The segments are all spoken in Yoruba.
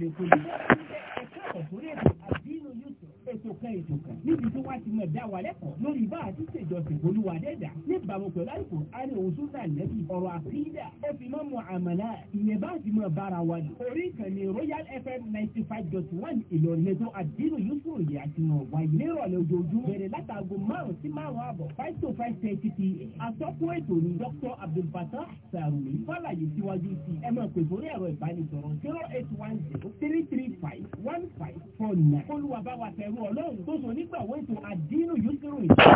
Thank dínú yúùtù ètò kan ètò kan níbi tí wọ́n ti mọ̀ dá wa lẹ́kọ̀ọ́ lórí bá a ti ṣèjọsìn olúwa dẹ́dà níbàámu pẹ̀lú àìkú àrẹ òṣù sàlẹ́bí ọ̀rọ̀ àfíìdà ẹ fi mọ́ mọ́ àmàlà ìyẹn bá ti mọ̀ bára wa lò. orí ìkànnì royal fm ninety five dot one ìlọrin lẹ́tọ́ àdínú yúùtù òye àti mọ̀ wáyé nírọ̀lẹ́ ojoojúmọ́ bẹ̀rẹ̀ látàgò márùn sí márùn àbọ̀ five to five thirty p.m. atọ́kùn ètò ni dr abdulfatah sarumi fàlàyé síwájú sí ẹ máa pè sórí ẹ̀rọ ìbánisọ̀rọ̀ zero eight one zero three three five one five four nine olùwà bá wa tẹ̀rù ọlọ́run tó sọ nígbàwó ètò àdínú yóò kérò ìṣẹ́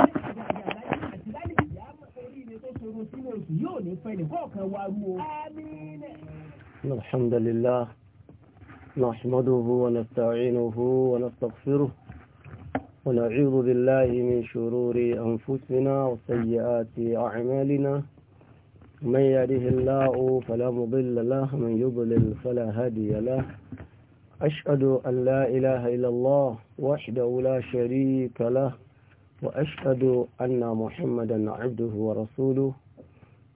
alhamdulillah نحمده ونستعينه ونستغفره ونعوذ بالله من شرور أنفسنا وسيئات أعمالنا من يهده الله فلا مضل له من يضلل فلا هدي له أشهد أن لا إله إلا الله وحده لا شريك له وأشهد أن محمدا عبده ورسوله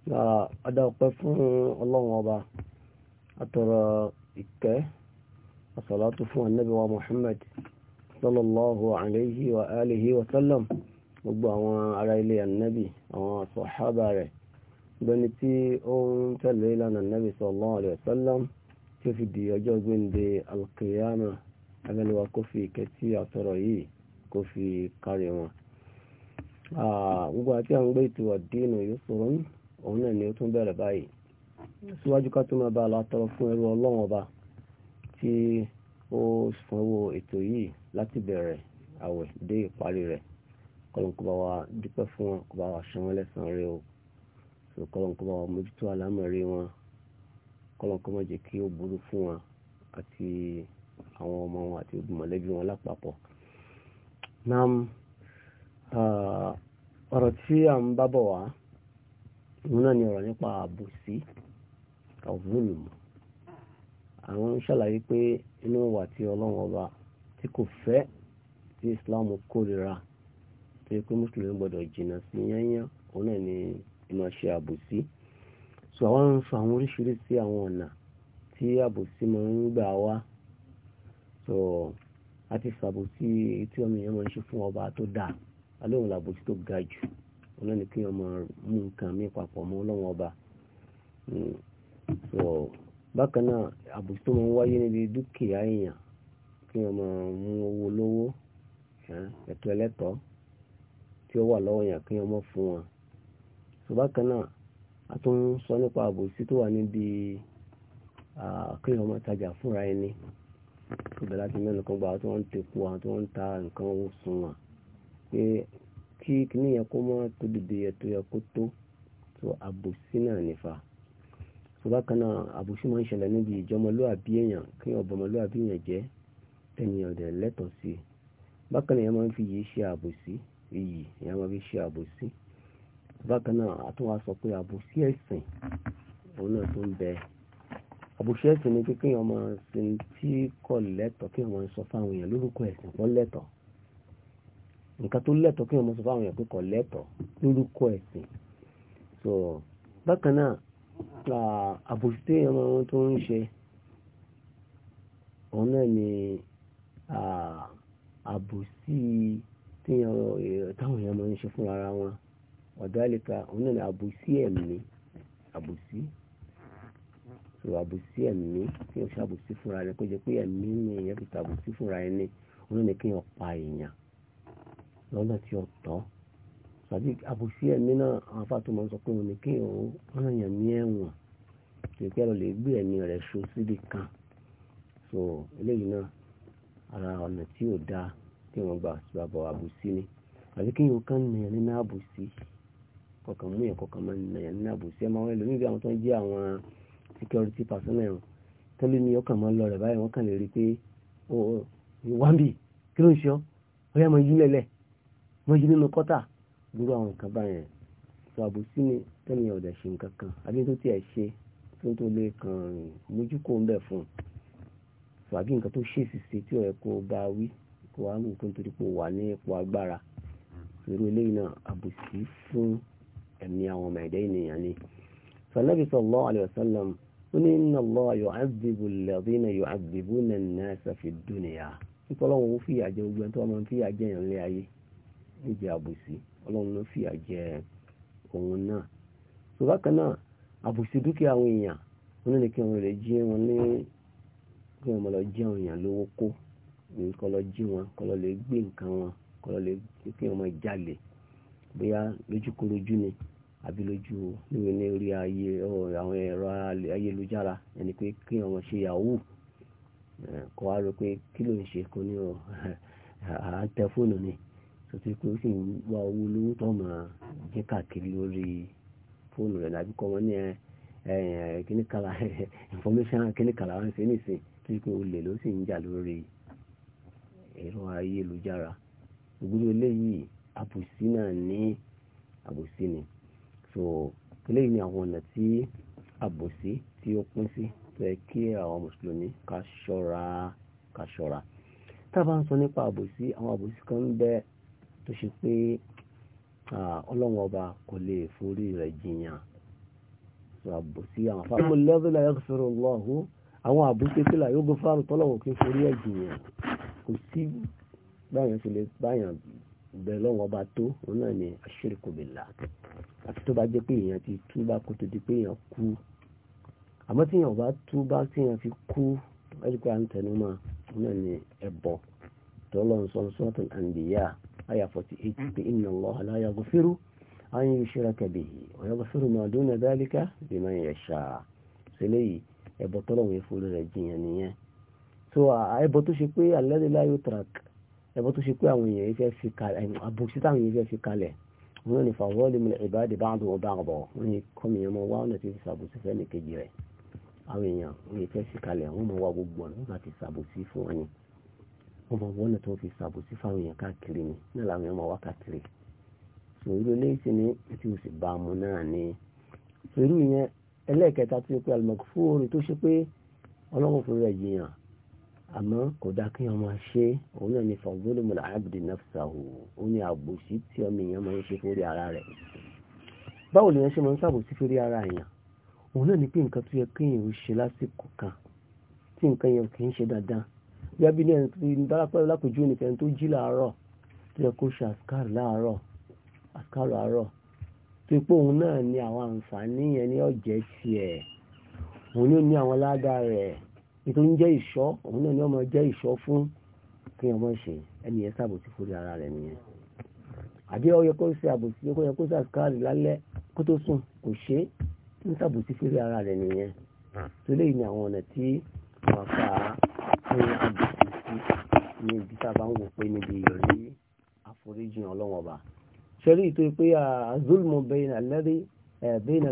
لا أدقف الله وضع أترى إكاه الصلاة فوق النبي ومحمد صلى الله عليه وآله وسلم gbogbo àwọn ará النبي ànábì àwọn sọ̀hábà rẹ̀ النبي صلى الله عليه وسلم tó fi di ọjọ́ gbéǹde alkiyama abẹ́niwa kó fi ìkẹtí àtọ̀rọ̀ yìí kó fi kárí wọn. gbogbo àti àwọn gbé ètò àdínà yóò sọ̀rọ̀ ní òun náà ni ó tún bẹ̀rẹ̀ báyìí síwájú ká tó máa bá alátọrọ fún ẹrú ọlọ́wọ́n ọba tí ó sanwó ètò yìí láti bẹ̀rẹ̀ àwẹ̀ dé ìparí rẹ̀ kọlọ́nkọ́ bá wa dúpẹ́ fún wọn kó bá wa san wọ́n lẹ́san rẹ̀ o kọlọ́nkọ́ bá wa mójútó àlámọ̀rí wọn kọ́lọ́nkọ́ má jẹ́ kí ó burú fún wọn àti àwọn ọmọ wọn àti mọ̀lẹ́bí wọn lápapọ̀. nam ọ̀rọ̀ tí a ń bábọ̀ wá òun ni ọ̀rọ̀ nípa àbòsí àvúlùmù àwọn ń ṣàlàyé pé inú wà tí ọlọ́run ọba tí kò fẹ́ tí islam kórìíra tó yẹ pé mùsùlùmí gbọ́dọ̀ jìnnà sí yányán òun náà ni ìmọ̀ ṣe àbòsí so àwọn ń fa àwọn oríṣiríṣi àwọn ọ̀nà tí àbòsí máa ń gbà wá so àti sàbòsí tí ọmọ èèyàn máa ń ṣe fún ọba tó dáa alóhùn làbòsí tó ga jù wọn ní kí ọmọ mú nǹkan mí papọ̀ mọ́ ọlọ́wọ́n ọba hmm. so bákan náà àbòsí tó máa ń wáyé níbi dúkìá èèyàn kí ọmọ mú owó lówó ẹ̀tọ́ ẹlẹ́tọ́ tí ó wà lọ́wọ́ èèyàn kí ọmọ fún wọn so bákan náà a tún sọ nípa àbòsí tó wà níbi kéèyàn ọmọ tajà fúnra ẹni ìbẹ̀ láti mẹ́nu kan gba àwọn tó ń tepo àwọn tó ń ta nǹkan oṣùn wọn pé kí kíní yẹn kó mọ́ tó dìde yẹ tó yẹ kó tó tó àbòsí náà nífa tó bákan náà àbòsí máa ń ṣẹlẹ̀ níbi ìjọmọlúàbí èèyàn kéèyàn ọbọmọlúàbí èèyàn jẹ́ ènìyàn dẹ̀ lẹ́tọ̀ọ́ sí i bákan náà yẹn máa ń fi yìí ṣe àbòsí iyì yẹn máa fi ṣe àbòsí bákan náà a tún wá sọ pé àbòsí ẹ̀sìn òun náà tó ń bẹ àbòsí ẹ̀sìn ni kíkẹ́ yẹn ọmọ sin tí kò lẹ́tọ̀ọ́ kí wọ́n sọ fáwọn èèyàn lórúkọ ẹ̀sìn kò lẹ́tọ̀ọ́ nǹkan tó lẹ́tọ̀ọ́ kí wọ́n sọ fáwọn èèyàn pé kò lẹ́tọ̀ọ́ lórúkọ ẹ̀sìn so bákan náà àbòsí tí ọmọ wọn tó ń ṣe òun náà ni àbòsí táwọn èèyàn máa ń ṣe fún ara wọn wàdálìkà òun náà àbùsí ẹ̀mí àbùsí so àbùsí ẹ̀mí kí o ṣàbùsí fúnra rẹ kó jẹ pé ẹ̀mí ni èèyàn fi tàbùsí fúnra ẹni òun náà kí èèyàn pa èèyàn lọ́nà tí ó tọ́ tàbí àbùsí ẹ̀mí náà àwọn afáàtúmọ̀ sọ pé òun ni kí òun ọ̀nà yẹn ní ẹ̀wọ̀n kìkẹ́ lọ lè gbé ẹ̀mí rẹ̀ so síbi kan so eléyìí náà ara ọ̀nà tí ò dáa tí wọ́n gbà àbùsí ni àbí kí èèyàn kàn ní ẹni ní àbùsí kọ̀ọ̀kan mú yẹn kọ̀ọ̀kan máa ń nà yẹn ní àbòsí ẹ̀ máa wọ́n ẹlòmíì bí àwọn tó ń jẹ́ àwọn security personnel tẹ́lẹ̀ ni ọkàn máa ń lọ rẹ̀ báyìí wọ́n kàn lè rí i pé wámbì kí ló ń ṣe ọ́ ọyá máa yí lẹ́lẹ̀ máa yí nínú kọ́tà dúró àwọn nǹkan báyẹn sọ àbòsí ni tẹ́lẹ̀ ọ̀dà ṣe nǹkan kan àbí tó tiẹ̀ ṣe tó ń tó lè kàn mójú kó ń bẹ̀ fún un sọ àbí nǹkan tó ṣe ìṣiṣẹ́ tí ọ̀rẹ́ kó bá wí kó wá wù ẹ̀mí àwọn ọmọ ẹ̀dẹ́ ènìyàn ni sọlẹ́bí sọlọ́ alẹ́sọ́lọ́m ó ní iná lọ yọ àdìbò lẹ́bínà yọ àdìbò nàná ṣàfi dúnìyà nípa ọlọ́run ó fìyà jẹ ogun tó ọmọ fìyà jẹ yàn lé ayé níjẹ àbùsí ọlọ́run ló fìyà jẹ òun náà tó bákan náà àbùsí dúkìá àwọn èèyàn wọn ní kí wọn lè jí wọn ní kí wọn lọ jí àwọn èèyàn lówó kó ní kọ́ lọ jí wọn kọ́ lọ lè gbé nǹkan wọn kọ́ lọ lè kí wọn jalè bóyá lójúkorojú ni àbí lójú níwèé ní orí ayé àwọn ẹ̀rọ ayélujára ẹni pé kí àwọn ṣe yahoo kọ́ wa rò pé kí ló ń ṣe kó ní ọ à tẹ fóònù ni sọtí pé ó sì ń wá owó lówó tó mọ̀ jẹ́ káàkiri lórí fóònù rẹ̀ kọ́ wọn ní kíníkàlà information kíníkàlà wọn ṣe tó àbòsí náà ní àbòsí ni so eléyìí ni àwọn ọ̀nà tí àbòsí tí ó pín sí tó yẹ kí àwọn mùsùlùmí ká ṣọ́ra ká ṣọ́ra tá a bá ń sọ nípa àbòsí àwọn àbòsí kan ń bẹ tó ṣe pé ọlọ́run ọba kò lè forí rẹ̀ jiyàn so àbòsí àwọn afárá. ọmọ la yóò fẹ́ràn lọ́hùn àwọn àbòsí pé là yóò gbé fáàrù tọ́lọ́wọ̀ kí forí ẹ̀ jiyàn kò sí báyàn ṣe lè báyàn bẹ́ẹ̀ lọ́wọ́ ọba tó òun náà ni aṣíríkù ya àti tó bá jẹ́ pé èèyàn ti túbá kó tó di pé èèyàn kú àmọ́ tí èèyàn bá tí èèyàn fi kú ẹ̀rí pé à ń tẹnu mọ́ òun náà ni ẹ̀bọ tọ́lọ́ sọ́nsọ́tún àǹdíyà àyà forty eight pé inna Allaha la anyị an yushraka bihi wa yaghfiru ma duna dhalika liman yasha sílẹ̀ yìí ẹ̀bọ tọ́lọ́ ẹbọ tó ṣe pé àwọn èèyàn fẹ́ fi kalẹ̀ àbòsí táwọn èèyàn fẹ́ fi kalẹ̀ wọn ní fàwọ́lì mi ìbáde bá àdùn ọba àbọ̀ wọn ní kọ́mi yẹn wá ọ̀nà tí sàbòsí fẹ́ nìkejì rẹ̀ àwọn èèyàn wọn fẹ́ fi kalẹ̀ wọn mọ wá gbogbo ọ̀nà wọn láti sàbòsí fún wọn ni wọn mọ wọ́n tó fi sàbòsí fáwọn èèyàn káàkiri ni náà làwọn èèyàn mọ wá káàkiri sòrò léyìí ni tí o sì bá a mú náà ni sòrò yẹn ẹlẹ́ẹ̀kẹta tó yẹ pé alimọ̀kúfó orin tó ṣe pé ọlọ́run fún àmọ́ kò dá kí ọmọ ṣe òun náà ní fọ̀gbọ́dọ̀mọ̀lá abdi nafsahu ó ní àbòsí tí ọmọ èèyàn máa ń ṣe fórí ara rẹ̀ báwo lèèyàn ṣe máa ń ṣàbòsí fórí ara èèyàn òun náà ní pé nǹkan tó yẹ kéèyàn ó ṣe lásìkò kan tí nǹkan yẹn kì í ṣe dandan bíá bí ní ẹni tó ń darapọ̀ lápèjú nìkan tó jí láàárọ̀ tó yẹ kó ṣe àṣkárù láàárọ̀ àṣkárù àárọ̀ tó ipò òun náà ní ètò ń jẹ́ ìṣọ́ òun náà ni ọmọ jẹ́ ìṣọ́ fún kí ọmọ ṣe ẹni ẹ ṣàbòsí fúri ara rẹ̀ nìyẹn àbí ó yẹ kó ṣe àbòsí ó yẹ kó ṣe àṣìkárì lálẹ́ kó tó sùn kò ṣe ń ṣàbòsí fúri ara rẹ̀ nìyẹn tó lè ní àwọn ọ̀nà tí wọ́n fa fún àbòsí sí ní ibi tá a bá ń wò pé níbi ìyọrí àforíjì ọlọ́wọ́n ọba ṣẹ́rí ìtò pé àzọ́lùmọ̀ bẹ́ẹ̀ ní alẹ́rí bẹ́ẹ̀ ní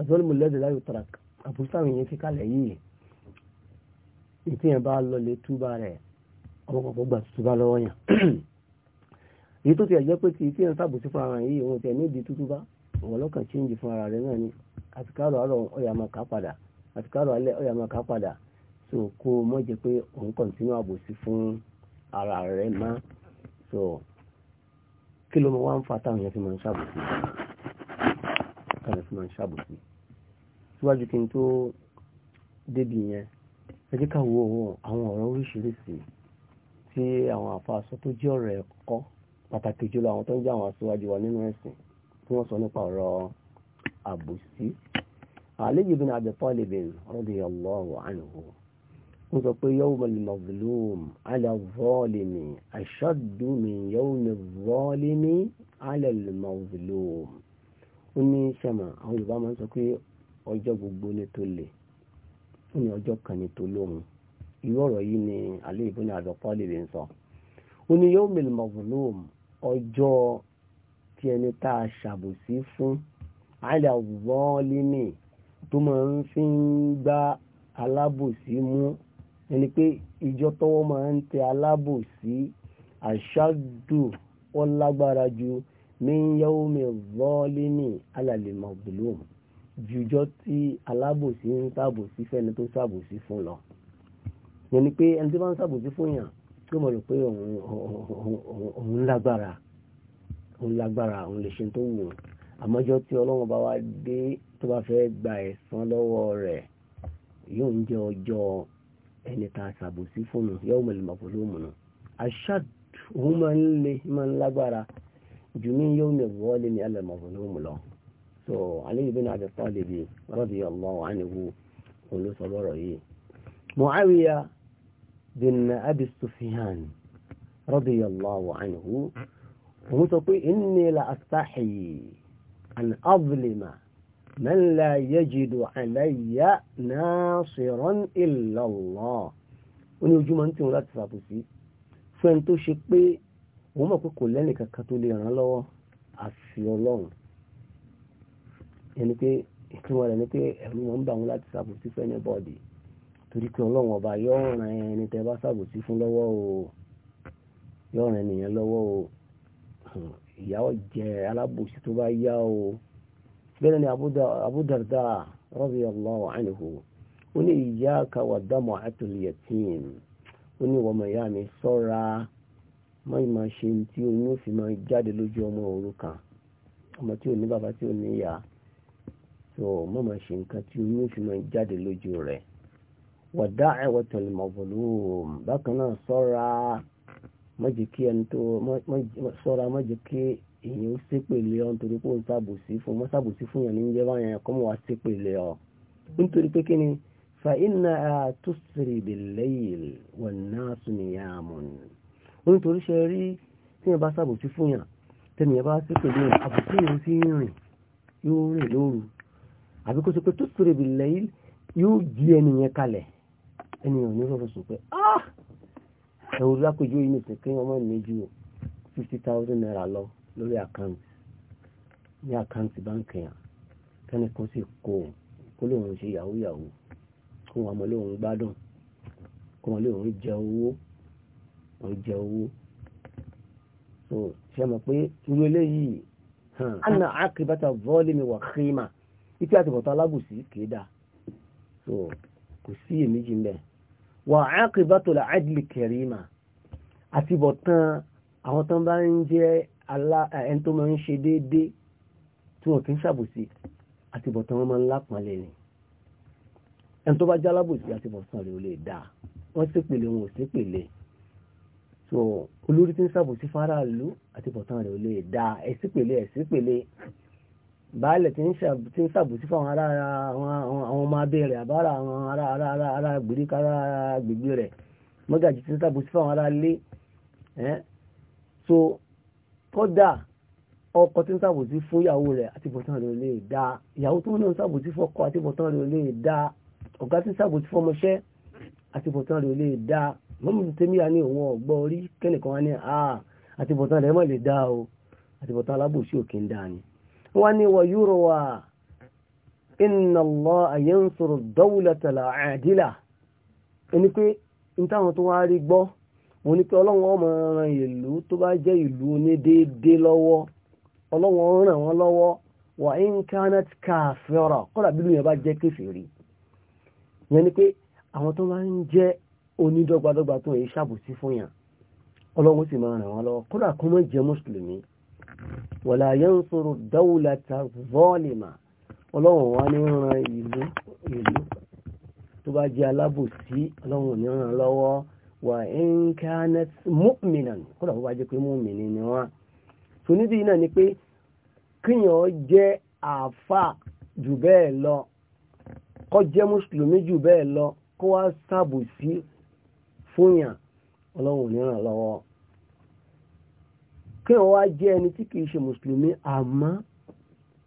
àzọ́lùmọ̀ lẹ́dẹ̀ẹ́ láyò tọ́ra àbòsí àwọn fi kalẹ̀ yìí ìtí yẹn bá lọ lè túbà rẹ̀ ọmọkọ̀ọ̀kọ̀ gbà túbà lọ́wọ́ yẹn èyí tó ti ẹ̀jẹ́ pé ti ìtí yẹn sàbòsí fún ara yìí òun ti ẹ̀ níbi tútúbá òun ọlọ́kàn chíǹjì fún ara rẹ̀ náà ni àtikárò àárọ̀ ọ̀yà máa kà padà àtikárò alẹ́ ọ̀yà máa kà padà so kó o mọ̀ jẹ́ pé òun kọ̀ǹtínú àbòsí fún ara rẹ̀ má so kí ló mọ wá ń fa táwọn yẹn fi máa ń ṣàbòsí táwọn yẹn fi máa ń ṣàbòsí síwájú kí n tó débi yẹn ẹ jẹ́ ká wo àwọn ọ̀rọ̀ oríṣiríṣi tí àwọn àfàsọ tó jẹ́ ọ̀rọ̀ ẹ̀kọ́ pàtàkì jùlọ àwọn tó ń jẹ́ àwọn aṣíwájú wa nínú ẹ̀sìn tí wọ́n sọ nípa ọ̀rọ̀ àbòsí àlejò bin Abi Talib radiyallahu anhu ń sọ pé yawmal mazlum ala zalimi ashaddu min yawmi zalimi ala al-mazlum ó ní sẹ́mà àwọn Yorùbá máa ń sọ pé ọjọ́ gbogbo ní tó le ó ní ọjọ́ kan ní tó lóhun irú ọ̀rọ̀ yìí ni Ali ibn Abi Talib ń sọ ó ní yawmil mazlum ọjọ́ tí ẹni tá a ṣàbòsí fún ala zalimi tó máa ń fi ń gbá alábòsí mú ẹni pé ìjọ tọ́wọ́ máa ń tẹ alábòsí àṣàdù wọn lágbára ju min yawmi zalimi ala al-mazlum jùjọ tí alábòsí ń ṣàbòsí fẹ́ni tó ṣàbòsí fún lọ yẹn ni pé ẹni tí wọ́n ń ṣàbòsí fún yàn yóò mọ̀ rò pé òun lágbára òun lágbára òun lè ṣe tó wù ú àmọ́jọ́ tí ọlọ́run bá wá dé tó bá fẹ́ gba ẹ̀san lọ́wọ́ rẹ̀ yóò ń jẹ́ ọjọ́ ẹni tá a ṣàbòsí fún un yóò mọ̀ lè pẹ̀lú òmùnà àṣà òun máa ń le máa ń lágbára jù yóò mẹ̀ wọ́ọ́lé ní alẹ́ mọ̀ pẹ̀lú òmùnà so Ali ibn Abi Talib radiyallahu anhu olùsọ̀bọ̀rọ̀ yìí Muawiya bin Abi Sufyan radiyallahu anhu òun sọ pé inni la astahi an azlima man la yajidu alayya nasiran illa Allah ó ní ojúmọ́ ní tí wọ́n láti sàbòsí fún ẹni tó ṣe pé òun mọ̀ kan tó lè ràn lọ́wọ́ àfi Ọlọ́run ẹni pé ìtumọ̀ rẹ̀ ni pé ẹ̀rù wọn ń bà wọn láti ṣàbòsí fún ẹni bọ́ọ̀dì torí pé ọlọ́run ọba yóò ràn ẹni tẹ́ bá ṣàbòsí fún lọ́wọ́ o yóò ràn ẹnìyẹn lọ́wọ́ o ìyá ọ̀jẹ̀ alábòsí tó bá yá o bẹ́ẹ̀ ni Abu Darda radiyallahu anhu ó ní iyyaka wa dam'atul yatim ó ní wọ́n mọ̀ mi sọ́ra mọ́ ìmọ̀ ṣe tí oyún fi máa jáde lójú ọmọ òrukàn ọmọ tí ò ní bàbá tí ò ní ìyá so mọ́mọ́ ṣe nǹkan tí oyún fi máa jáde lójú rẹ̀ wọ̀dá ẹ̀wọ̀tàn mọ̀bùlùm bákan náà sọ́ra mọ́jì kí ẹni tó sọ́ra mọ́jì kí èyàn ó ṣépèlé ọ nítorí pé ó ń ṣàbòsí fún mọ́ ṣàbòsí fún yàn ní jẹ́ báyẹn kọ́ mọ́ wá ṣépèlé ọ nítorí pé kí ni fa inna tusri bil layl wan nasu niyamun nítorí ṣe rí tí yẹn bá ṣàbòsí fún yàn tẹ́niyàn bá ṣépèlé àbòsí yẹn sí rìn yóò rìn lóru àbí kó ṣe pé tó sèrè bí lẹ́yìn yóò jí ẹnìyẹn kalẹ̀ ẹnìyẹn ò ní fọ́fọ́ sùn pé ah ẹ̀wọ̀n lápèjú yìí nìkan kí wọ́n mọ̀ ní ju fifty thousand naira lọ lórí àkáǹtì ní àkáǹtì báǹkì yẹn kẹ́ni kan sì kó o kó lóun ṣe yahoo yahoo kó wọn mọ lóun gbádùn kó wọn lóun jẹ owó wọn jẹ owó so ṣe mọ̀ pé irú eléyìí ana akibata vọ́ọ̀lì mi wà kíma ipe àtìbọ̀tán alábùsí kìí dà so kò sí èméjì ńbẹ wà aqibatul adli karima àtìbọ̀tán àwọn tán bá ń jẹ́ ẹni tó máa ń ṣe déédéé tí wọn kì í ṣàbòsí àtìbọ̀tán wọn máa ń lápọ̀nlé ni ẹni tó bá jẹ́ alábòsí àtìbọ̀tán rẹ̀ ò lè dà wọ́n ṣépele wọn ò ṣépele so olórí tí ń ṣàbòsí fáráàlú àtìbọ̀tán rẹ̀ ò lè dà ẹ̀ṣípele ẹ̀ṣípele baálẹ̀ tí ń ṣàbòsí fún àwọn ọmọ abẹ́ rẹ̀ àbára àwọn ará gbèríkà gbègbè rẹ̀ mọ́gàjì tí ń ṣàbòsí fún àwọn ará ilé so kódà ọkọ tí ń ṣàbòsí fún ìyàwó rẹ̀ àti bọ̀tán rẹ̀ lè dá ìyàwó tó ń ṣàbòsí fún ọkọ àti bọ̀tán rẹ̀ lè dá ọ̀gá tí ń ṣàbòsí fún ọmọṣẹ́ àti bọ̀tán rẹ̀ lè dá mọ́mí tẹ́míyà ní òun ọ̀gbọ́ orí kẹ́nìkan wá ní àà àti bọ̀tán rẹ̀ mọ̀ lè dá o àti bọ̀tán alábòsí òkè ń dá ni wọ́n ní wọ́n yúrò wà inna Allaha yansuru ad-dawlata al-'adila ẹni pé ní táwọn tó wá rí gbọ́ wọn ni pé ọlọ́wọ́n ọmọ ran ìlú tó bá jẹ́ ìlú onídéédé lọ́wọ́ ọlọ́wọ́n ràn wọ́n lọ́wọ́ wà in kanat kafira kọ́lá bílù yẹn bá jẹ́ kèfèrí yẹn ni pé àwọn tó máa ń jẹ́ onídọ́gbadọ́gba tó yẹ ṣàbòsí fún yàn ọlọ́wọ́n sì máa ràn wọ́n lọ́wọ́ kọ́lá kó jẹ́ mùsùlùmí wala yansuru dawlata zalima ọlọ́run wá ní ran ìlú ìlú tó bá jẹ́ alábòsí ọlọ́run ní ran lọ́wọ́ wà in kanat mu'minan kódà bó bá jẹ́ pé mu'mini ni wọ́n so níbi náà ni pé kíyàn jẹ́ àfà jù bẹ́ẹ̀ lọ kó jẹ́ mùsùlùmí jù bẹ́ẹ̀ lọ kó wá ṣàbòsí fúnyàn ọlọ́run ní ran lọ́wọ́ kí wọ́n wá jẹ́ ẹni tí kìí ṣe mùsùlùmí àmọ́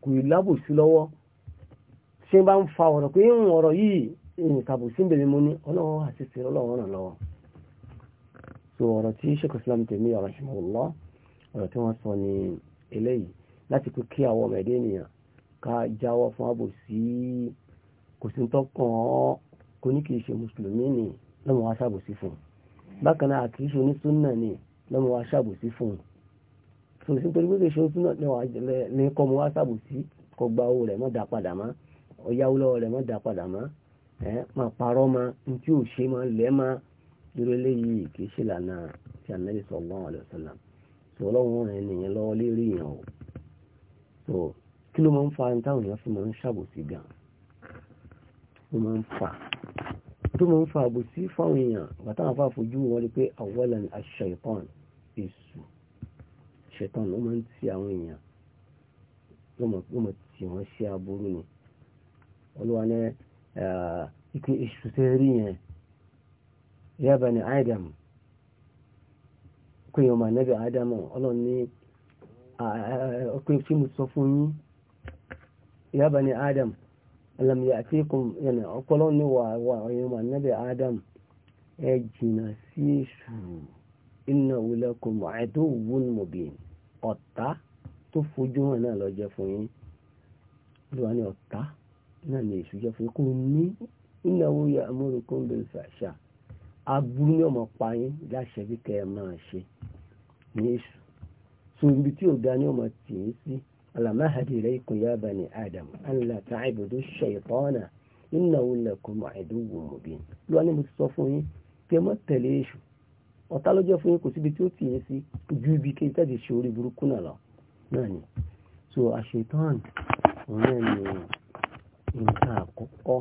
kò ì lábòsí lọ́wọ́ ṣe bá ń fa ọ̀rọ̀ pé ń ọ̀rọ̀ yìí ìyìn kàbòsí ń bèèrè mú ní ọlọ́wọ́ àti sèrè ràn lọ́wọ́ so ọ̀rọ̀ tí sheikh islam tèmi ọ̀rọ̀ ṣe mọ̀ lọ́ ọ̀rọ̀ tí wọ́n sọ ní eléyìí láti pé kí àwọn ọmọ ẹ̀dẹ́ ni lọ́mọ wa ṣàbòsí fún bákan náà kìí ni lọ́mọ wa ṣàbòsí sòsí torí pé kèsì oṣù náà ní kọ́ mọ́ wásáàbù sí kọ́ gba owó rẹ̀ mọ́ dá padà má ọ̀yáwó lọ́wọ́ rẹ̀ mọ́ dá padà má ẹ̀ máa parọ́ ma ní tí ò ṣe ma lẹ́ ma irú eléyìí kìí ṣe lànà tí Ànábì sallallahu alaihi wasallam sọlọ́wọ́n rẹ̀ nìyẹn lọ́wọ́ lérí yẹn o so kí ló máa ń fa ẹni táwọn èèyàn fi máa ń ṣàbòsí gan ló máa ń fa tó máa ń fa àbòsí fáwọn èèyàn bàtà àfa fojú wọn rí pé awalan ash-shaytan èṣù ṣẹ̀tàn ló máa ń ti àwọn èèyàn ló mọ̀ tí wọ́n ṣe aburú ni olúwa ní ike iṣu tẹ́ rí yẹn ya bani Adam kò yẹn ọmọ anábì Adam ọlọ́run ní ọkùnrin tí mo sọ fún yín ya bani Adam alam ya'tikum yẹn ọpọlọ ní wà wà ọyẹn ọmọ anábì Adam ẹ jìnnà sí iṣu innahu lakum aduwwun mubin ọ̀tá tó fojú hàn náà lọ jẹ́ fún yín olúwa ní ọ̀tá náà ní èṣù jẹ́ fún yín kò ní ìnáwó ya amúrúkún bí fàṣà aburú ní ọmọ pa yín láṣẹ bí kẹ ẹ máa so ibi tí ò dá ní ọmọ tì í sí alamahadi rẹ ikùn ya adam anla ta'ibudu shaytana innahu lakum aduwwun mubin olúwa ní mo sọ fún yín kí ẹ má èṣù ọ̀tá ló jẹ́ fún yín kò síbi tí ó tì yín sí ju ibi kí n tẹ̀lé ṣe orí burúkú náà lọ náà ni so àṣetán òun náà ni nǹkan àkọ́kọ́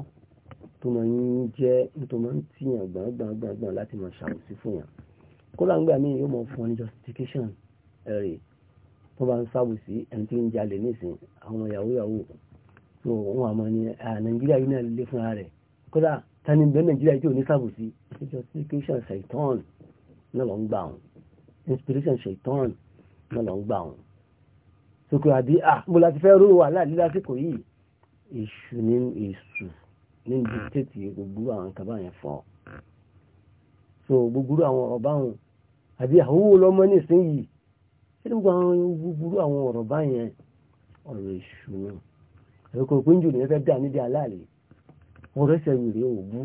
tó máa ń jẹ́ tó máa ń tìyàn gbàngbàngbàngbàn láti máa ṣàwòsí fún yàn kódà ńgbà míì yóò máa fún ọ ní justification ẹ̀rì tó bá ń ṣàwòsí ẹni tí ń jalè nísìn àwọn yahoo yahoo so wọn àmọ́ ni nàìjíríà yìí náà lè fúnra rẹ̀ kódà tani bẹ́ẹ̀ nàìjíríà yìí tí ò ní ṣàwòsí justification ṣàìtàn náà lọ ń gbà wọn inspiration ṣe ìtọ́ràn náà lọ ń gbà wọn sókè àbí ah mo láti fẹ́ rú wàhálà lílásìkò yìí èṣù ní èṣù ní dìtẹ́tì gbogbo àwọn nǹkan báyẹn fọ́ so gbogbo àwọn ọ̀rọ̀ báwọn àbí àwòwò lọ́mọ nísìnyìí ṣé gbogbo àwọn gbogbo àwọn ọ̀rọ̀ báyẹn ọ̀rọ̀ èṣù náà ẹ̀kọ́ ìpínjù ní ẹfẹ́ dà níbi aláàlè wọ́n rẹ́sẹ̀ rèé òbú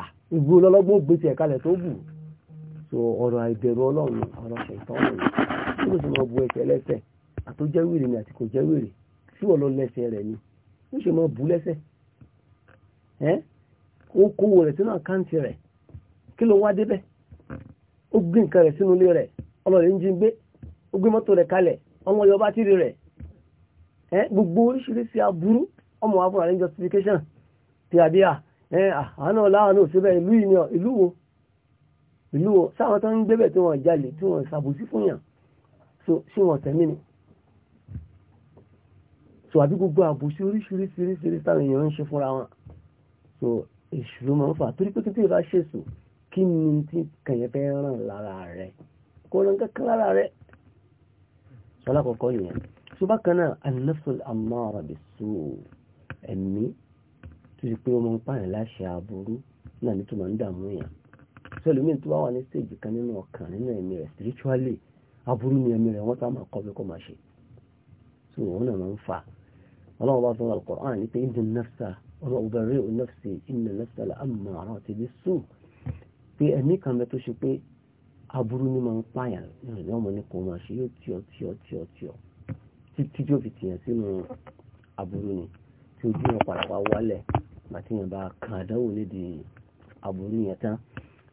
ah, ìgbó lọ́lọ́gbọ́n gbé ti ẹ̀kalẹ̀ tó bù so ọrọ àìbẹ̀rù ọlọ́run ọ̀rọ̀ ṣẹ̀tọ́ ọ̀rọ̀ tí kò sì máa bu ẹsẹ̀ wèrè ni àti kò wèrè sí ni ó máa bu lẹ́sẹ̀ ẹ́ ó kówó sínú àkáǹtì kí ló wá ó gbé nǹkan sínú ilé ń jí gbé ó gbé ọmọ yọ gbogbo oríṣiríṣi aburú ọmọ wa fún justification ti àánú àánú ìlú ìlú wo ìlú wọn sáwọn tó ń gbébẹ̀ tí wọ́n jalè tí wọ́n ṣàbòsí fún yàn sí wọn tẹ̀mí ni so àbí gbogbo àbòsí oríṣiríṣi oríṣiríṣi táwọn èèyàn ń ṣe fúnra wọn so èṣù ló máa ń fà torí pé títí ìbá ṣèṣù kí ni tí kẹ̀yẹ́ fẹ́ ràn lára rẹ̀ kó ràn kankan lára rẹ̀ sọlá kọ̀ọ̀kọ́ nìyẹn so bákan náà an-nafsul ammara bis-suu ẹ̀mí tó ti pé ọmọ ń pààyàn láṣẹ aburú náà nítorí máa ń dààmú yàn sẹlómìn tó bá wà ní stage kan nínú ọkàn nínú ẹ̀mí rẹ̀ spiritually aburú ni ẹ̀mí rẹ̀ wọ́n sá máa kọ́ bí kò máa ṣe so òun náà máa ń fa ọlọ́run bá sọ́nà Al-Qur'an ní pé ìdí nafsa ọlọ́run ubarri'u nafsi inna nafsa la'ammaratu bis-su' pé ẹ̀mí kan bẹ tó ṣe pé aburú ni máa ń pààyàn ní ọmọ ní kò máa ṣe yóò tí ọ tí ọ tí ọ tí ọ títí tí ó fi tìyàn sínú aburú ni tí ojú wọn padà wá wálẹ̀ màtíyàn bá kàn àdánwò nídìí aburú yẹn tán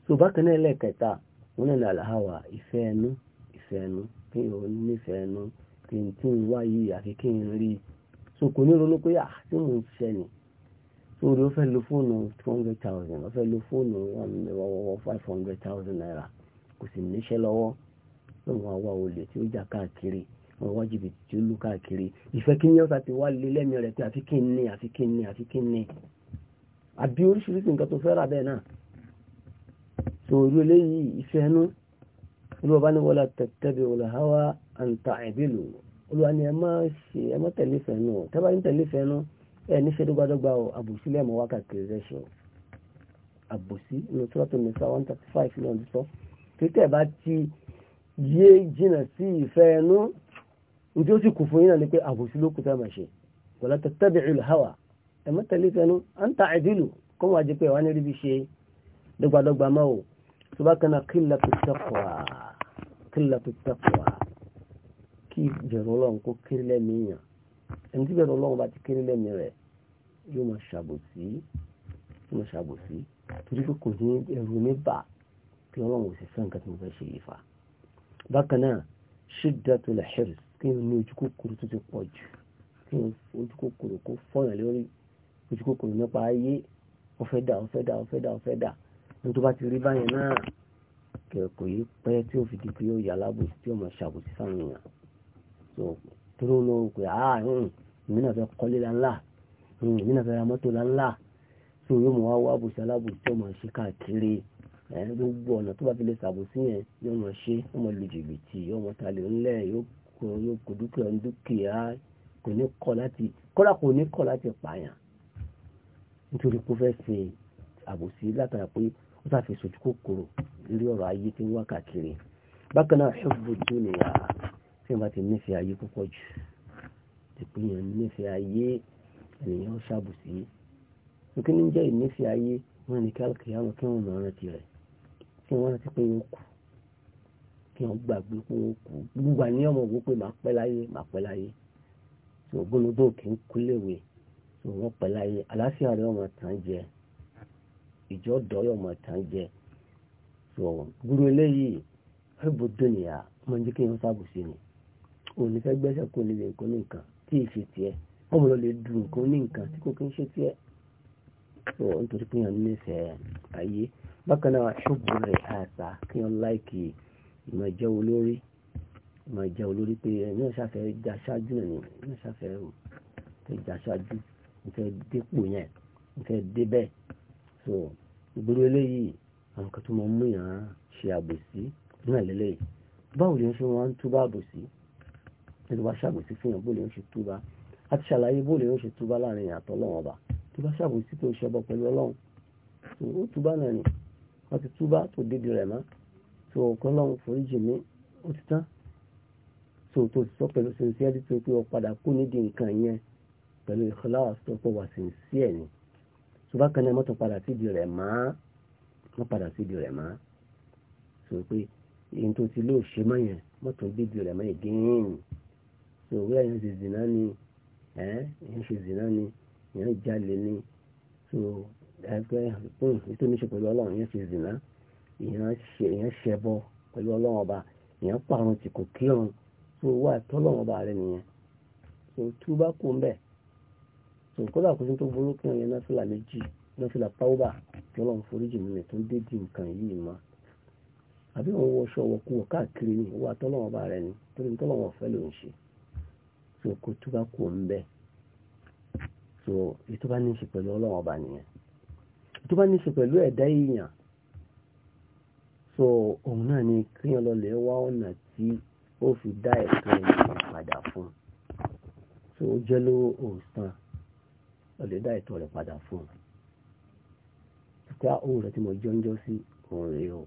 so bákan náà lẹ́ẹ̀kẹta wọn náà làlàáwà ìfẹ́ ẹnu ìfẹ́ ẹnu kí n ò nífẹ̀ẹ́ ẹnu kí n tí wáyé àfi kí n rí so kò ní ronú pé àh tí mò ń ṣe ni so orí ó fẹ́ lo fóònù two hundred thousand ó fẹ́ lo fóònù wọ́wọ́wọ́ five hundred thousand naira kò sì níṣẹ́ lọ́wọ́ lọ́wọ́ àwa olè tí ó jà káàkiri wọn wá jìbìtì tí ó lù káàkiri ìfẹ́ kí ni ọ̀sà ti wá lé lẹ́mìí rẹ̀ pé àfi kí n ní àfi kí n ní àfi kí n ní àbí oríṣiríṣi nǹkan tó fẹ́ rà bẹ́ẹ̀ náà so irú eléyìí ìfẹ́ ẹnu olúwa bá ní wala tattabi'ul hawa an ta'dilu olúwa ni ẹ má ṣe ẹ má tẹ̀lé ìfẹ́ ẹnu tẹ́bá ní tẹ̀lé ìfẹ́ ẹnu ẹ níṣẹ́ dọ́gbadọ́gba o àbòsí lẹ́ẹ̀mọ́ wákàtí rẹ̀ ṣọ àbòsí ní Suratul Nisa one thirty five náà ti sọ títẹ̀ bá ti yé jìnà sí ìfẹ́ ẹnu ní tí ó sì kù fún yín náà ni pé àbòsí ló kù tá máa ṣe wala tattabi'ul hawa ẹ má tẹ̀lé ìfẹ́ ẹnu an jẹ́ pé wọ́n ní ríbi ṣe dọ́gbadọ́gba máa tó bá kaná kílà pẹ̀tẹ́kọ̀ọ́ kílà pẹ̀tẹ́kọ̀ọ́ kí bẹ̀rù ọlọ́run kó kéré lẹ́mìí yàn ẹni tí bẹ̀rù ọlọ́run bá ti kéré lẹ́mìí rẹ̀ yóò máa ṣàbòsí yóò máa ṣàbòsí torí pé kò ní ẹrù ní bà kí ọlọ́run ò sì fẹ́ nǹkan tí mo fẹ́ ṣe yìí fa bákan náà shiddatul hirs kí n ní ojú kòkòrò tó ti pọ̀ jù kí n ojú tó bá ti rí báyẹn náà kẹ̀kọ́ yìí pẹ́ tí ó fi di pé ó yà lábòsí tí ó mọ̀ ṣàbòsí fáwọn èèyàn so tó ló ń lo pé ah èmi náà fẹ́ kọ́lé lánlá èmi náà fẹ́ ra mọ́tò lánlá so yóò mọ̀ wá wá àbòsí alábòsí tí ó mọ̀ ṣe káàkiri ẹ̀ gbogbo ọ̀nà tó bá fi lè ṣàbòsí yẹn yóò mọ̀ ṣe yóò mọ̀ lu jìbìtì yóò mọ̀ ta lè ńlẹ̀ yóò kó dúkìá dúkìá kò ní kọ́ láti kọ́lá kò ní kọ́ láti pààyàn nítorí pé ó fẹ́ ṣe àbòsí látara pé ó sàfi sojú kòkòrò lórí ọ̀rọ̀ ayé tí ń wá káàkiri bákan náà ṣọ́bù dúnìyà tí wọ́n ti nífẹ̀ẹ́ ayé púpọ̀ jù ti pé èèyàn nífẹ̀ẹ́ ayé ènìyàn ṣàbùsí kí ní jẹ́ ìnífẹ̀ẹ́ ayé wọn ni kálukì yàrá kí wọ́n mọ̀ rántí rẹ̀ kí wọ́n rántí pé wọ́n kú kí wọ́n gbàgbé pé wọ́n kú gbogbo àníyàn ọmọ òwò pé màá pẹ́ láyé màá pẹ́ láyé ògbónodó kì í kúléwé wọ́n pẹ́ láyé àlàáfíà rẹ̀ ọmọ tàn jẹ́ ìjọ dọ́yọ̀ mọ̀ tán jẹ so gbúrú eléyìí ẹ̀bù dúnìyà máa ń jẹ́ kéèyàn sábùsí ni òní fẹ́ gbẹ́sẹ̀ kó níbi nǹkan ní nǹkan tí ì ṣe tiẹ̀ ọmọ lọ lè du nǹkan ní nǹkan tí kò kí ṣe so nítorí pé yàn ayé bákan náà ṣọ́ọ̀bù rẹ̀ àṣà láìkì ìmọ̀ olórí ìmọ̀ olórí pé já ṣáájú já ṣáájú yẹn so ìgboro eléyìí àwọn kan tó máa ń mú yàn án ṣe àbòsí náà lélẹ́yìí báwo lè ń ṣe wọn túbá àbòsí ẹni wá ṣàbòsí fún yàn bó lè ń ṣe túbá a ti ṣàlàyé bó lè ń ṣe túbá láàrin yàn àtọ́lọ́wọ́n ọba tó bá ṣàbòsí tó ṣẹbọ pẹ̀lú ọlọ́run tó ó túbá náà ni wọ́n ti túbá tó débi rẹ̀ mọ́ tó ọkọ ọlọ́run foríjì mi ó ti tán tó tó sọ pẹ̀lú sincere tó pé ọ padà kú nídìí nǹkan yẹn pẹ̀lú ìkọlá ni so bákan náà mọ́tò padà sídìí rẹ̀ má wọ́n padà sídìí rẹ̀ má so pé èyí tó ti lóò ṣe mọ́ yẹn mọ́tò dídìí rẹ̀ má yẹn gẹ́ẹ́n so wíwá yẹn ṣe zìnà ni ẹ́ yẹn ṣe zìnà ni yẹn jalè ni so ẹgbẹ́ fún ètò oníṣe pẹ̀lú ọlọ́run yẹn ṣe zìnà yẹn ṣẹbọ pẹ̀lú ọlọ́run ọba yẹn parun tì kò kírun so wá tọ́lọ́run ọba rẹ nìyẹn so túbá kú bẹ́ẹ̀ so hmm, kódà kò sí tó burú kí wọn yẹn náfìlà méjì náfìlà táwọ́bà kí wọn lọ́n foríjì mi tó ń dédì nǹkan yìí mọ́ àbí wọn wọ ọṣọ wọ kú wọ káàkiri ni wọn àtọ́lọ́wọ́n bá rẹ ni torí tọ́lọ́wọ́n fẹ́ ló ń ṣe so kó túbá kú ń bẹ́ so ètò bá ní í ṣe pẹ̀lú ọlọ́wọ́n bá nìyẹn ètò bá ní í ṣe pẹ̀lú ẹ̀dá èèyàn so òun náà ni kíyàn lọ lè wá ọ̀nà tí ó fi dá ẹ̀kan ìpadà fún so ó jẹ́ lówó òòsàn ó lè dá ètò rẹ̀ padà fún un pé ohun rẹ̀ tí mo jọ́njọ́ sí òun rèé o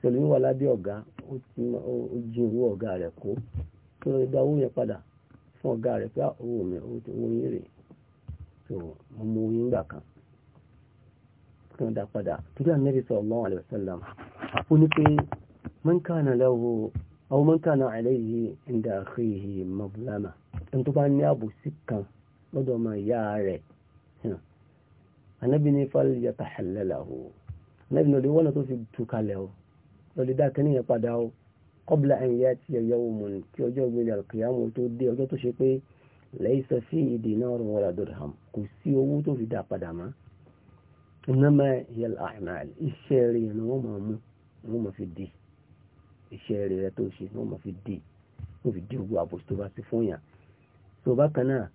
pẹ̀lú wíwà lábẹ́ ọ̀gá ó jí owó ọ̀gá rẹ̀ kó tó lè dá owó yẹn padà fún ọ̀gá rẹ̀ pé ah, owó mi owó yín rèé tó mo mú oyún gbà kan kí wọ́n dá padà torí Ànábì sallallahu alaihi wasallam ó ní pé man kana lahu aw man kana alayhi inda akhihi mazlama ẹni tó bá ní àbòsí kan lọ́dọ̀ ọmọ ìyá rẹ̀ anábì ní fal yatahallalahu anábì lọ́dẹ wọ́n tó fi tú kalẹ̀ o lọ́dẹ dá kínní yẹn padà o qabla an ya'tiya yawmun kí ọjọ́ ìgbélé al-qiyāmah tó dé ọjọ́ tó ṣe pé laysa fīhi dinārun walā dirham kò sí owó tó fi dá padà mọ́ innamā hiya al-a'māl iṣẹ́ rẹ̀ yẹn ni wọ́n máa mú wọ́n máa fi dì iṣẹ́ rẹ̀ tó ṣe wọ́n máa fi dì wọ́n fi dì gbogbo àbòsí tó bá sí fún yàn tó bákan náà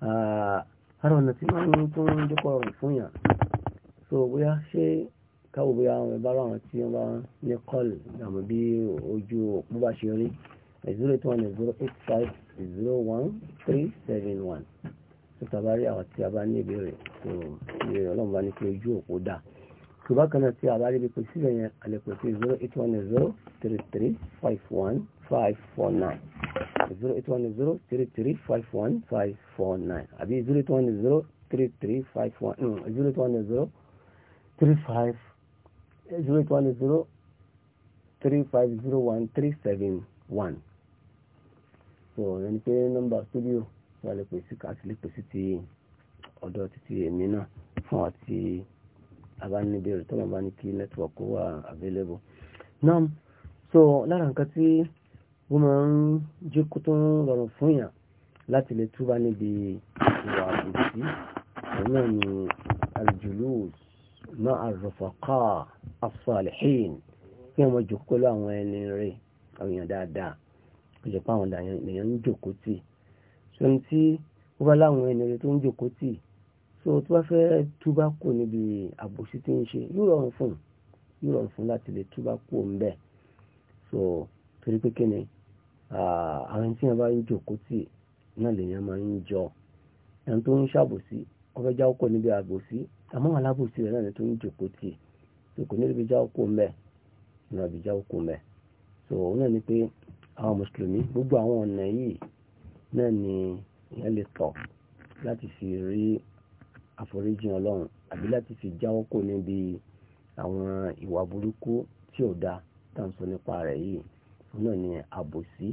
ara ah, ọ̀nà tí máa ń tó ń dúpọ̀ rẹ̀ fún yàn so bóyá ṣé káwọ bóyá àwọn ẹ̀bá àwọn tí wọ́n bá ní kọ́ọ̀lù àmọ́ bí ojú òpó ṣe rí zero eight one zero eight five zero one three seven one tó tàbá rí àwọn tí a bá ní ìbéèrè tó ìbéèrè ọlọ́run bá ní pé ojú òpó dà tó bá kan náà tí a bá rí bí pé sílẹ̀ yẹn àlẹ́ pẹ̀lú zero eight one zero three three five one five four nine zero eight one zero three three five one five four nine àbí zero eight one zero three three five one mm, zero eight one zero three five zero eight one zero three five zero one three seven one so ẹni pé nọ́mbà studio wà lè pèsè àti lè pèsè ti ọ̀dọ̀ títí èmi náà fún àti abánibẹ̀rẹ̀ tó bá ní kí nẹ́tíwọ̀kì wà available. náà so lára nǹkan tí ó máa ń jẹ́ kó tó rọrùn fún yàn láti lè túbá níbi ìwà àbòsí òun ni aljulus ma arrufaqa as-salihin kí wọ́n jòkó pẹ̀lú àwọn ẹni rẹ̀ àwọn èèyàn dáadáa kò jẹ́ pé àwọn èèyàn ń jòkó tì so ní tí ó bá láwọn ẹni rẹ̀ tó ń jòkó tì so tó bá fẹ́ túbá kù níbi àbòsí tí ń ṣe yóò rọrùn fún yóò rọrùn fún láti lè túbá kù ń bẹ̀ so torí pé kí ni Ah, àwọn tí wọn bá ń jòkó tì náà lèèyàn máa ń jọ ẹni tó ń ṣàbòsí ọfẹ jáwó kò níbi àbòsí àmọ́ alábòsí rẹ náà ni tó ń jòkó tì kò níbi jáwó kò mbẹ náà bí jáwó kò mbẹ so òun náà ni pé àwọn mùsùlùmí gbogbo àwọn ọ̀nà yìí náà ni èèyàn lè tọ̀ láti fi rí àforíjì ọlọ́run àbí láti fi jáwọ́ kò níbi àwọn ìwà burúkú tí ò da tá à ń sọ nípa rẹ̀ yìí náà ni àbòsí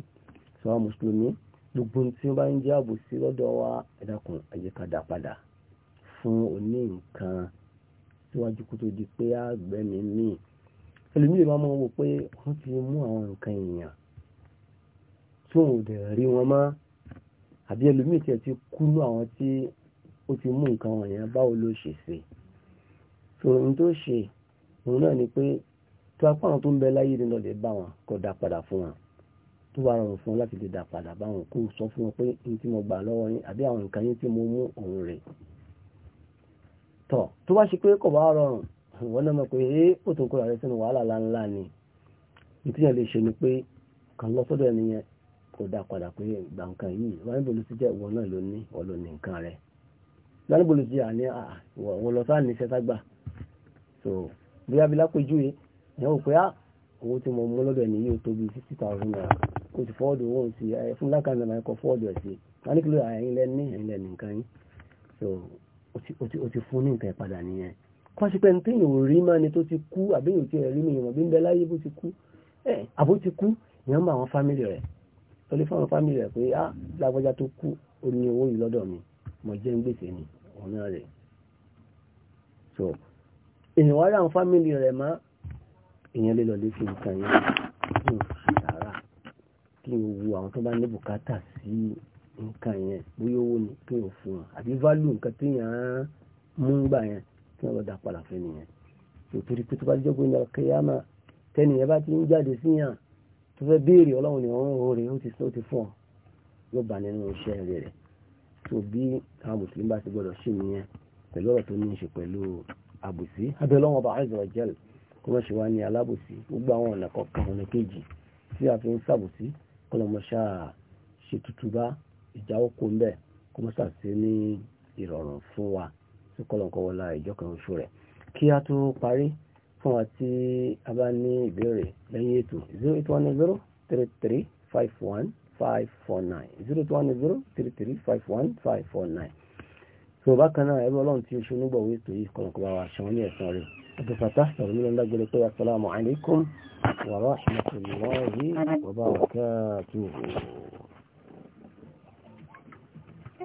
tí wọ́n mùsùlùmí gbogbo tí wọ́n bá ń jẹ́ àbòsí lọ́dọ̀ wa ẹ dákun ẹ jẹ́ ká dá padà fún oní nǹkan síwájú kó tó di pé àgbẹ̀mí míì ẹlòmíì máa mọ̀ wò pé wọ́n ti mú àwọn nǹkan èèyàn tí òun dẹ̀ rí wọn mọ́ àbí ẹlòmíì tiẹ̀ ti kúnú àwọn tí ó ti mú nǹkan wọ̀nyẹn báwo ló ṣe ṣe so ohun tó ṣe òun náà ni pé tó apá àwọn tó ń bẹ láyé nínú lè bá wọn kó dá padà fún wọn tó wà rọrùn fún láti lè dá padà bá wọn kó sọ fún wọn pé n tí mo gbà lọ́wọ́ yín àbí àwọn nǹkan yín tí mo mú òun rè tọ̀ tó bá ṣe pé kò bá rọrùn wọn náà mọ̀ pé é ó tó ń kóra rẹ sínú wàhálà ńláńlá ni ìtìyàn lè ṣe ni pé kàn lọ sọ́dọ̀ ẹni kò dá padà pé gbà nǹkan yìí wọn níbo ló ti jẹ́ ìwọ náà ló ní ọ̀lọ́ ní nǹkan rẹ̀ wọn níbo ló ti jẹ́ àní àwọn lọ ní iṣẹ́ so bí abilá péjú yìí ìyẹn wò pé á ah, owó tí mo mú lọ́dọ̀ ẹni yóò tóbi fifty thousand naira kò sì fọ́ọ̀dù owó sí ẹ fún láǹkà mi máa kọ fọ́ọ̀dù ẹ̀ sí wọn ní kílò ẹ̀yin lẹ́ni ẹ̀yin lẹ́ni nǹkan yín so o ti fún ní nǹkan ìpadà nìyẹn kọ́sí pé nítorí ìwò rí máa ni tó ti kú àbí ìwò tí ẹ̀ rí mi ìwọ̀n bí ń bẹ láyé bó ti kú ẹ̀ àbó ti kú ìyẹn ń bá àwọn fámìlì rẹ̀ tọ́lé fáwọn fámìlì rẹ̀ pé á ah, lágbájá tó kú ó ní owó yìí lọ́dọ̀ mi mo jẹ́ ń gbèsè ni ọ̀nà rẹ̀ so èèyàn wá rí àwọn fámìlì rẹ̀ máa ìyẹn lè lọlé sí nǹkan yẹn kí n ṣe sàárà kí n wo àwọn tó bá ní bùkátà sí nǹkan yẹn bóyá owó ni kí n fún wọn àbí value nǹkan tí yẹn á mú gbà yẹn kí wọn lọ dá padà fún nìyẹn nítorí pé tó bá jẹ́ pé ní ọkẹ́yàmà tẹ́nìyẹn bá ti ń jáde síyàn tó fẹ́ béèrè ọlọ́run ni ọ̀run òórè ó ti ó ti fún ọ yóò bá nínú iṣẹ́ rẹ̀ rẹ̀ tó bí àwọn mùsùlùmí bá ti gbọ́dọ̀ ṣì nìyẹn pẹ̀lú ọ̀rọ̀ tó ní í ṣe pẹ̀lú àbùsí abẹ́ ọlọ́run àìsàn ọ̀jẹ̀lẹ̀ kọlọ́ṣe wa ní alábòsí gbogbo àwọn ọ̀nà kọ̀ọ̀kan ọ̀nà kejì tí a fi ń sàbòsí kọlọ́mọṣà ṣe tutù bá ìjà oko ń bẹ̀ kọlọ́ṣà sí ní ìrọ̀rùn fún wa tí kọlọ́ǹkọ́ wọlá ìjọ oṣù rẹ̀ kí a tó parí fún wa tí a bá ní ìbéèrè lẹ́yìn ètò zero eight one zero three three five one five four nine zero eight one zero three three five one five four nine. tí mo bá kan náà ẹgbẹ́ ọlọ́run tí oṣù nígbà wo ètò yìí kọlọ́ǹkọ́ ní ẹ̀sán rẹ̀ àtẹ̀fàtà sọ̀rọ̀ nínú lágbẹ̀rẹ̀ pé assalamu alaikum wa rahmatullahi wa barakatuhu